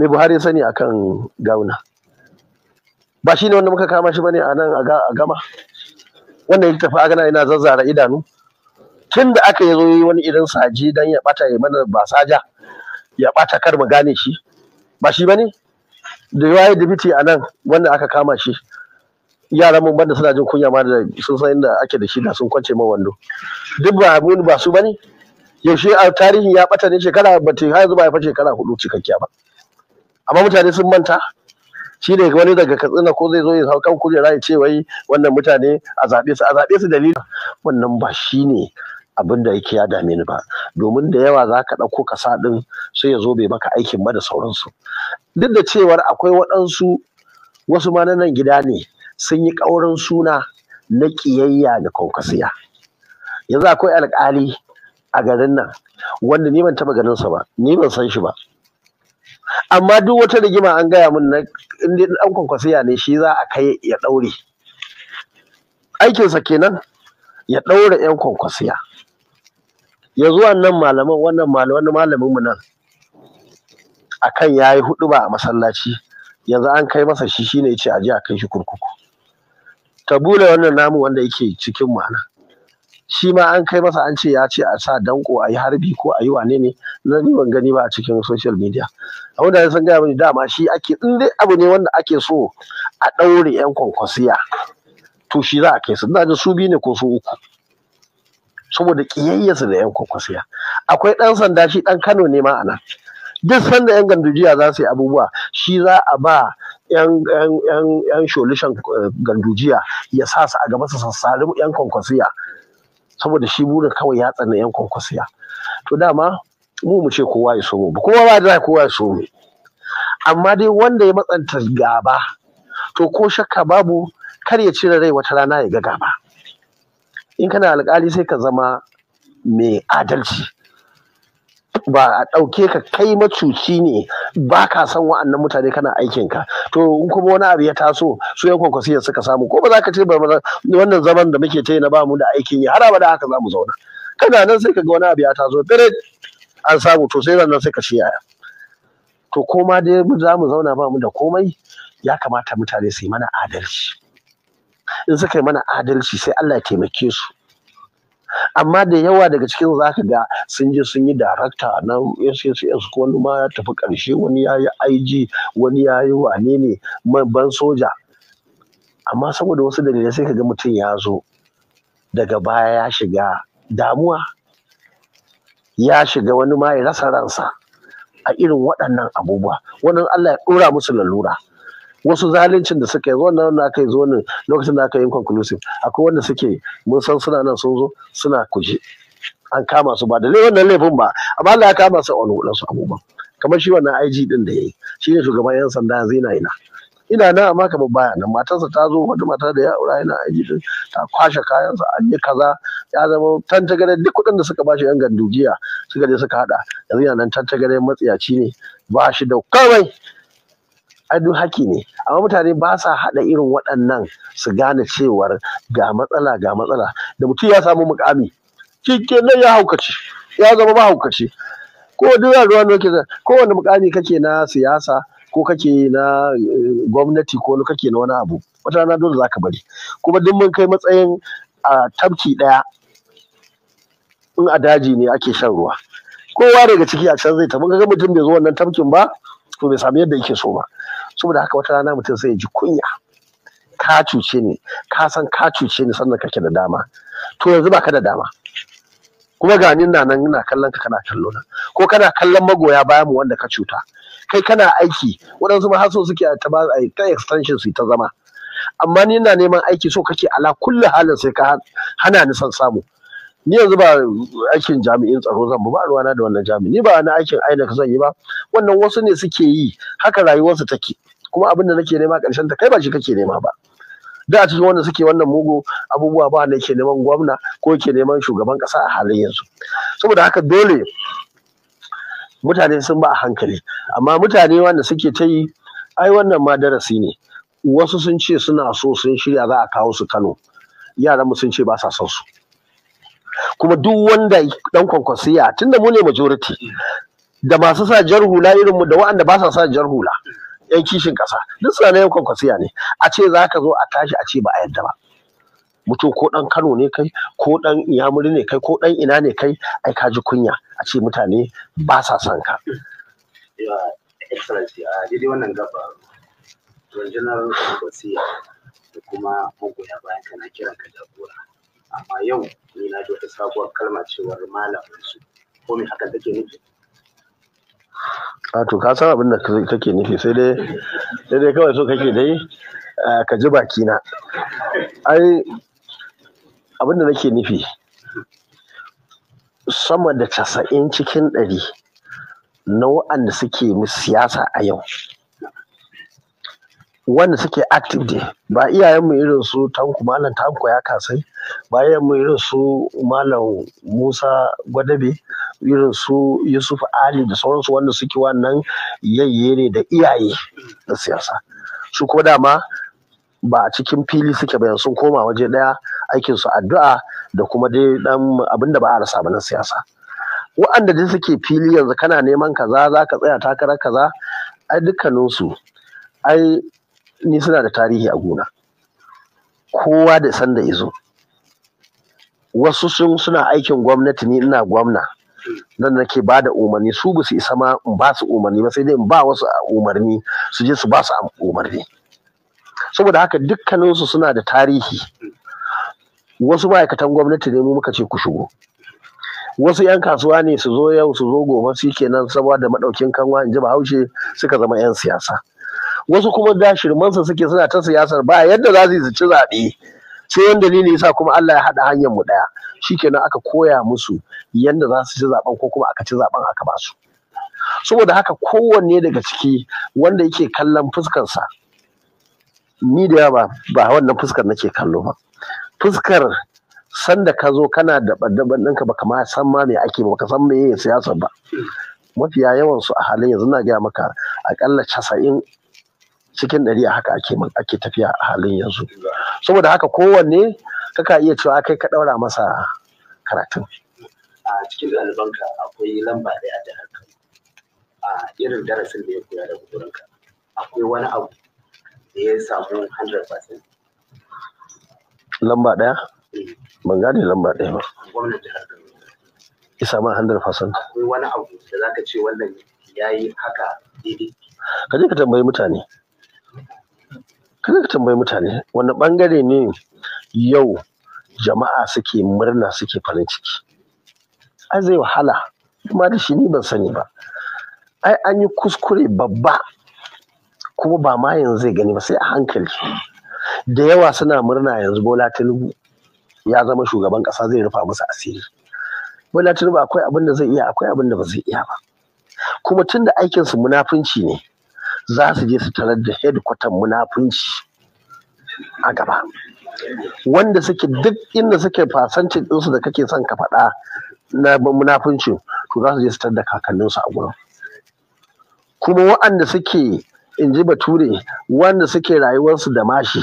me buhari ya sani kan gauna ba shi ne wanda muka kama shi bane a nan a gama wannan ya tafi agana yana zazzara idanu tun da aka yi zo wani irin saji don ya bata ya mana ba saja ya bata kar mu gane shi ba shi bane da yayi dibiti a nan wanda aka kama shi yaran mun banda suna jin kunya ma da sun san inda ake da shi da sun kwance ma wando duk ba mu ba su bane yaushe a tarihin ya bata ne shekara ba ta yanzu ba ya fa shekara hudu cikakkiya ba amma mutane sun manta shi ne wani daga katsina ko zai zo ya hau kan kujera ya ce wai wannan mutane a zaɓe su a zaɓe su dalilin wannan ba shi ne abin da yake ya dame ni ba domin da yawa za ka ɗauko kasa ɗin sai ya zo bai maka aikin ba da sauransu duk da cewar akwai waɗansu wasu ma nan gida ne sun yi ƙaurin suna na ƙiyayya da kaukasiya yanzu akwai alƙali a garin nan wanda ni ban taɓa ganinsa ba ni ban san shi ba amma duk wata rigima an gaya mun na inda dan kwankwasiya ne shi za a kai ya daure aikinsa kenan ya daure yan kwankwasiya ya zuwa nan malaman wannan malamin mu nan akan yayi hudu ba a masallaci yanzu an kai masa shi shine yace a je a kai shi kurkuku tabula wannan namu wanda yake cikin mu shi ma an kai masa an ce ya ce a sa danko a yi harbi ko a yi wane ne na ni gani ba a cikin social media a wanda sun gaya mini dama shi ake in abu ne wanda ake so a ɗaure yan kwankwasiya to shi za a kai su ina su biyu ne ko su uku saboda ƙiyayyasu da yan kwankwasiya akwai ɗan sanda shi ɗan kano ne ma a nan. duk sanda yan gandujiya za su yi abubuwa shi za a ba yan sholishan eh, gandujiya ya sa su a gaba su sassari yan kwankwasiya saboda shi burin kawai ya tsana yan kwankwasiya to dama mu mu ce kowa ya so mu kowa ba da kowa ya so mu amma dai wanda ya matsanta gaba to ko shakka babu kar ya cire rai wata rana ya ga gaba in kana alƙali sai ka zama mai adalci ba a ɗauke ka kai macuci ne ba ka san wa'annan mutane kana aikin ka to in kuma wani abu ya taso su yan kwankwasiyar suka samu ko ba za ka ce ba wannan zaman da muke ta yi na ba mu da aikin yi har abada haka za mu zauna kana nan sai ka ga wani abu ya taso dare an samu to sai nan sai ka yaya to koma dai za mu zauna ba mu da komai ya kamata mutane su yi mana adalci in suka yi mana adalci sai Allah ya taimake su amma da yawa daga cikin za ka ga sun je sun yi darakta na sss wani ma ya tafi ƙarshe wani ya yi ig wani ya yi wane ne ban soja amma saboda wasu dalilai sai ka ga mutum ya zo daga baya ya shiga damuwa ya shiga wani ma ya rasa ransa a irin waɗannan abubuwa wannan allah ya ɗora musu lalura wasu zaluncin da suka yi wannan na aka yi zonin lokacin da aka yi inconclusive akwai wanda suke mun san suna nan sun zo suna kuje an kama su ba da laifin nan laifin ba amma Allah ya kama su a wani wadansu abubuwan kamar shi wannan IG din da ya yi. shi ne shugaban yan sanda zina ina ina na amma kamar baya nan matarsa ta zo wata mata da ya aura yana aiki din ta kwashe kayansa an yi kaza ya zama tantagare duk kuɗin da suka bashi yan jiya suka je suka hada yanzu yana nan tantagare matsiyaci ne ba shi da kawai adu haƙƙi ne amma mutane ba sa haɗa irin waɗannan su gane cewar ga matsala ga matsala da mutum ya samu mukami cikin nan ya haukaci ya zama ba haukaci ko duk ruwan da kake kowane mukami kake na siyasa ko kake na eh, gwamnati ko kake na wani abu wata rana dole zaka bari kuma duk mun kai matsayin a tabki ɗaya in a daji ne ake shan ruwa kowa daga ciki a can zai tafi kaga mutum bai zo wannan tabkin ba to bai sami yadda yake so ba saboda haka wata rana mutum sai ya ji kunya ka cuce ni ka san ka cuce ni sannan kake da dama to yanzu ba ka da dama kuma ga ni na nan ina kallon ka kana kallo na ko kana kallon magoya bayan mu wanda ka cuta kai kana aiki waɗansu ma haso suke ta ba ta extension su ta zama amma ni ina neman aiki so kake ala kullu halin sai ka hana ni san samu ni yanzu ba aikin jami'in tsaro zan ba ruwana da wannan jami'i ni ba na aikin aina zan yi ba wannan wasu ne suke yi haka rayuwarsu take kuma abin da nake nema ƙarshen ta kai ba shi kake nema ba da a cikin wanda suke wannan mugu abubuwa ba ne ke neman gwamna ko ke neman shugaban ƙasa a halin yanzu saboda haka dole mutane sun ba a hankali amma mutane wanda suke ta yi ai wannan ma darasi ne wasu sun ce suna so sun shirya za a kawo su kano yaran mu sun ce ba sa son su kuma duk wanda dan kwankwasiya tunda mu ne majority da masu sa jar hula irin mu da waɗanda ba sa sa jar hula yan kishin ƙasa duk suna yan kwankwasiya ne a ce za ka zo a tashi a ce ba a yadda ba mutum ko dan kano ne kai ko dan iyamuri ne kai ko dan ina ne kai ai ka ji kunya a ce mutane ba sa son ka. excellency a daidai wannan gaba rundunar kwankwasiya da kuma magoya bayan kana kiran ka jagora amma yau ni na ji wata sabuwar kalma cewar malamin su ko me haka take nufi a ah, to ka san abin da kake nufi sai dai sai dai kawai so kake dai ah, ka ji baki na ai abin da nake nufi sama da casa'in cikin ɗari na waɗanda suke siyasa a yau wanda suke active dai ba iyayen mu irin su tanku malam tanku ya kasai ba iyayen mu irin su malam musa gwadabe irin su yusuf ali da sauransu wanda suke wannan yayye ne da iyaye da siyasa su ko dama ba a cikin fili suke bayan sun koma waje daya aikin su addu'a da kuma dai dan abinda ba a rasa ba na siyasa wa'anda dai suke fili yanzu kana neman kaza zaka tsaya takarar kaza ai dukkaninsu ai ni suna da tarihi a gona kowa da san sanda izo wasu sun suna aikin gwamnati ni ina gwamna nan nake ba da umarni su ba su isa ma in ba su umarni ba sai dai in ba wasu umarni su je su ba su umarni saboda haka dukkaninsu suna da tarihi wasu ma'aikatan gwamnati ne mu muka ce ku shigo wasu 'yan kasuwa ne su zo yau su zo gobe su kenan saboda madaukin kanwa in ji bahaushe suka zama 'yan siyasa wasu kuma da shirmansa suke suna ta siyasar ba yadda za su yi ci zaɓe sai yan dalili yasa kuma Allah ya haɗa hanyar mu ɗaya shikenan aka koya musu yadda za su ci zaɓen ko kuma aka ci zaɓen aka ba su saboda haka kowanne daga ciki wanda yake kallon fuskarsa ni da yawa ba wannan fuskar nake kallo ba fuskar sanda ka zo kana da daban ɗinka ba kama san ma me ake ba ka san me siyasar ba mafiya yawan su a halin yanzu na gaya maka akalla casa'in cikin ɗari a haka ake ake tafiya a halin yanzu saboda haka kowanne kaka iya cewa kai ka ɗaura masa karatun a cikin ɗalibanka akwai lamba ɗaya a haka a irin darasin da ya koya daga gurinka akwai wani abu da ya samu 100% lamba ɗaya eh. ban gane lamba ɗaya ba ya samu 100% akwai wani abu da zaka ce wannan yayi haka daidai ka je ka tambayi mutane kada ka tambayi mutane wani bangare ne yau jama'a suke murna suke farin ciki ai zai wahala kuma da shi ni ban sani ba ai an yi kuskure babba kuma ba ma yanzu zai gani ba sai a hankali da yawa suna murna yanzu bola tinubu ya zama shugaban kasa zai rufa musu asiri bola tinubu akwai abin da zai iya akwai abin da ba zai iya ba kuma tun da aikinsu munafunci ne za su je su tarar da headquarter munafunci a gaba wanda suke duk inda suke fasancin ɗinsu da kake son ka faɗa na munafunci to za su je su tarar da kakanninsu a gurin kuma waɗanda suke in ji bature wanda suke rayuwarsu da mashi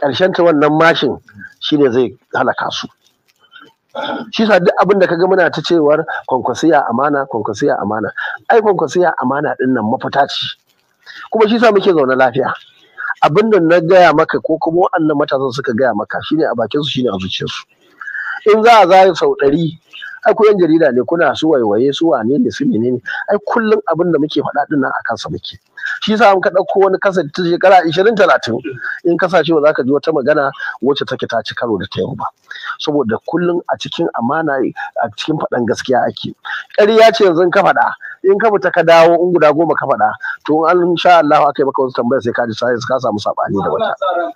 ƙarshen ta wannan mashin shine zai halaka su shi sa duk abin da kaga muna ta cewar kwankwasiya amana kwankwasiya amana ai kwankwasiya amana ɗin nan mafita ce kuma shi sa muke zaune lafiya Abin da na gaya maka ko kuma wa'annan matasan suka gaya maka shine a bakin su shine a zuciyarsu in za a zai sau ɗari ai ku jarida ne kuna su waiwaye su wane ne su menene ai kullum abin da muke faɗa din nan a kansa muke shi sa muka ɗauko wani kasa ta shekara ishirin talatin in kasashe ba za ka ji wata magana wacce take ta ci karo da ta yau ba saboda kullum a cikin amana a cikin faɗan gaskiya ake ƙarya ce yanzu ka faɗa in ka fita ka dawo in guda goma ka faɗa to in an sha Allah aka yi maka wasu tambaya sai ka ji sai ka samu sabani da wata